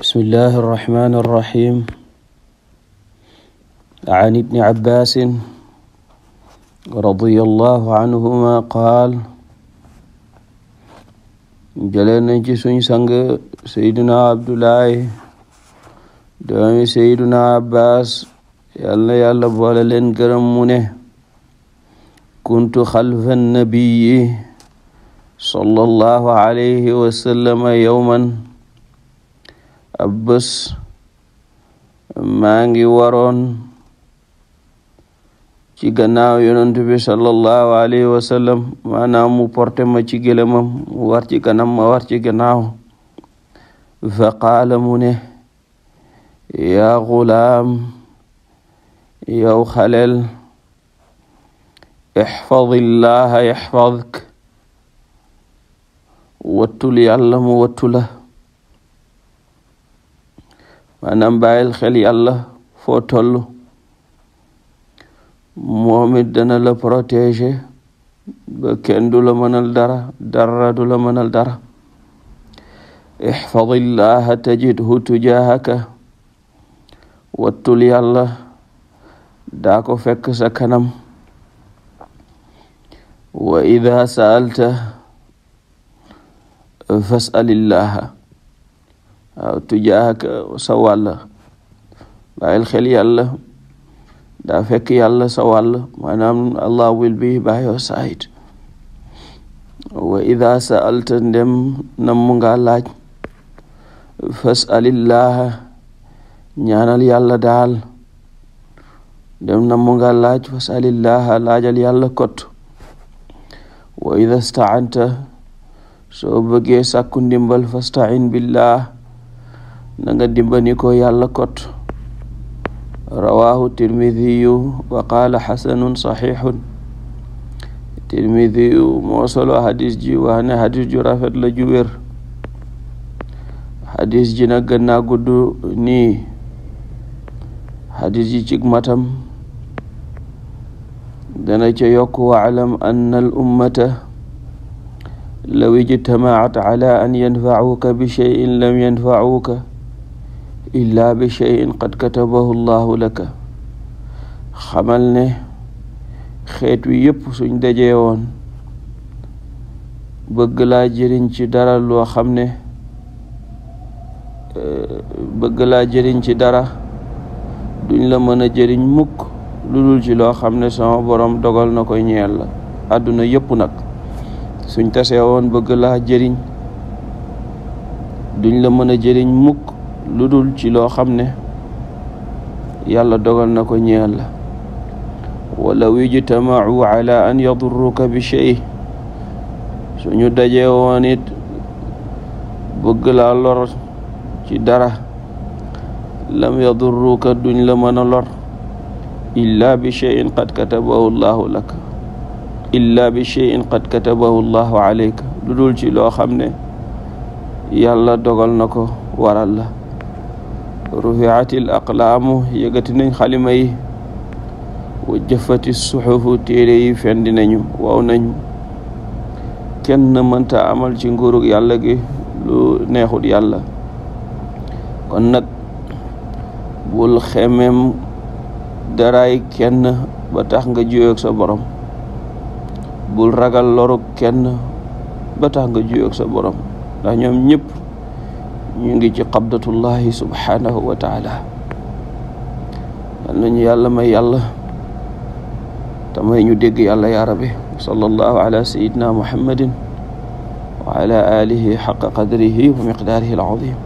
bismillahi irrahmani irrahim an ibni abbasin radiyallahu anhuma qaal jëlee nañ ci suñ sang sayduna abdulahi doomi sayduna abbas yal na yàlla boole leen gërëm mu ne kuntu xalfa nabiyi sallallahu alayhi wasallama yowman ab bés maa ngi waroon ci gannaaw yonent bi sallallahu alayhi wa sallam ma ci gëlëmam mu war ci kanam ma war ci gannaaw fa qaala mu ne yaa gulaam yow xalel ixfadillaha yaxfadk wattul yàlla mu wattu la maanaam bàyyil xel yàlla foo toll moom it dana la protéger ba kenn du la mënal dara dara du la mënal dara ixfad illaha tajidhu tujahaka wattul yàlla daa ko fekk sa kanam wa ida saalta fasalillaha waaw tujaaka uh, sa wàll bàyyil xel yàlla daa fekk yàlla sa allah will be by your side ida sa'alta ndem nam mu nga laaj ñaanal yàlla daal ndem nam mu nga laaj fas'alillaha laajal yàlla kot ida sta'anta soo bëggee sàkku ndimbal fasta'in billah na nga dimbani ko yàlla kot rawaahu tirmidiyu wa qaala xasanun saxiixun tirmidiyu moo solo xadis ji rafet la ju wér xadis ji nag gën naa gudd ji cig dana ca yokk waclam anna al law ijtamacat an yanfacuuka bi lam yanfacuuka illaa bi cheyin qad katabahu llahu laka xamal ne xeet wi yépp suñ dajee woon bëgg laa jëriñ ci dara loo xam ne euh, bëgg laa jëriñ ci dara duñ la mën a jëriñ mukk lu dul ci loo xam ne sama boroom dogal na ko ñeel la àdduna yépp nag suñ tasee woon bëgg laa jëriñ duñ la mën a jëriñ mukk lu dul ci loo xam ne yàlla dogal na ko ñeel la walaw ijtamau ala an yadurruka bi shay suñu dajee woon it bëgg laa lor ci dara lam yadurruka duñ la mën a lor illa bi cheyin qad katabahu llahu lak illa bi cheyin qad katabahu llahu aleyka lu ci loo xam ne yàlla dogal na ko waral rufiati l aqlaamu nañ xalima yi wa jëfati suxufu téere yi fendi nañu waaw nañu kenn mënta amal ci nguurug yàlla gi lu neexut yàlla kon nag bul xemem daraay kenn ba tax nga juyoog sa borom bul ragal lorug kenn ba tax nga juyoog sa borom ndax ñoom ñëpp ñu ngi ci qabdatullahi subhanahu wa taala yal nañu yàlla may yàlla te may ñu dégg yàlla yaa rabbi sallallahu ala sayidina muhammadin wa ala alihi xaqa qadrihi wa miqdaarihi al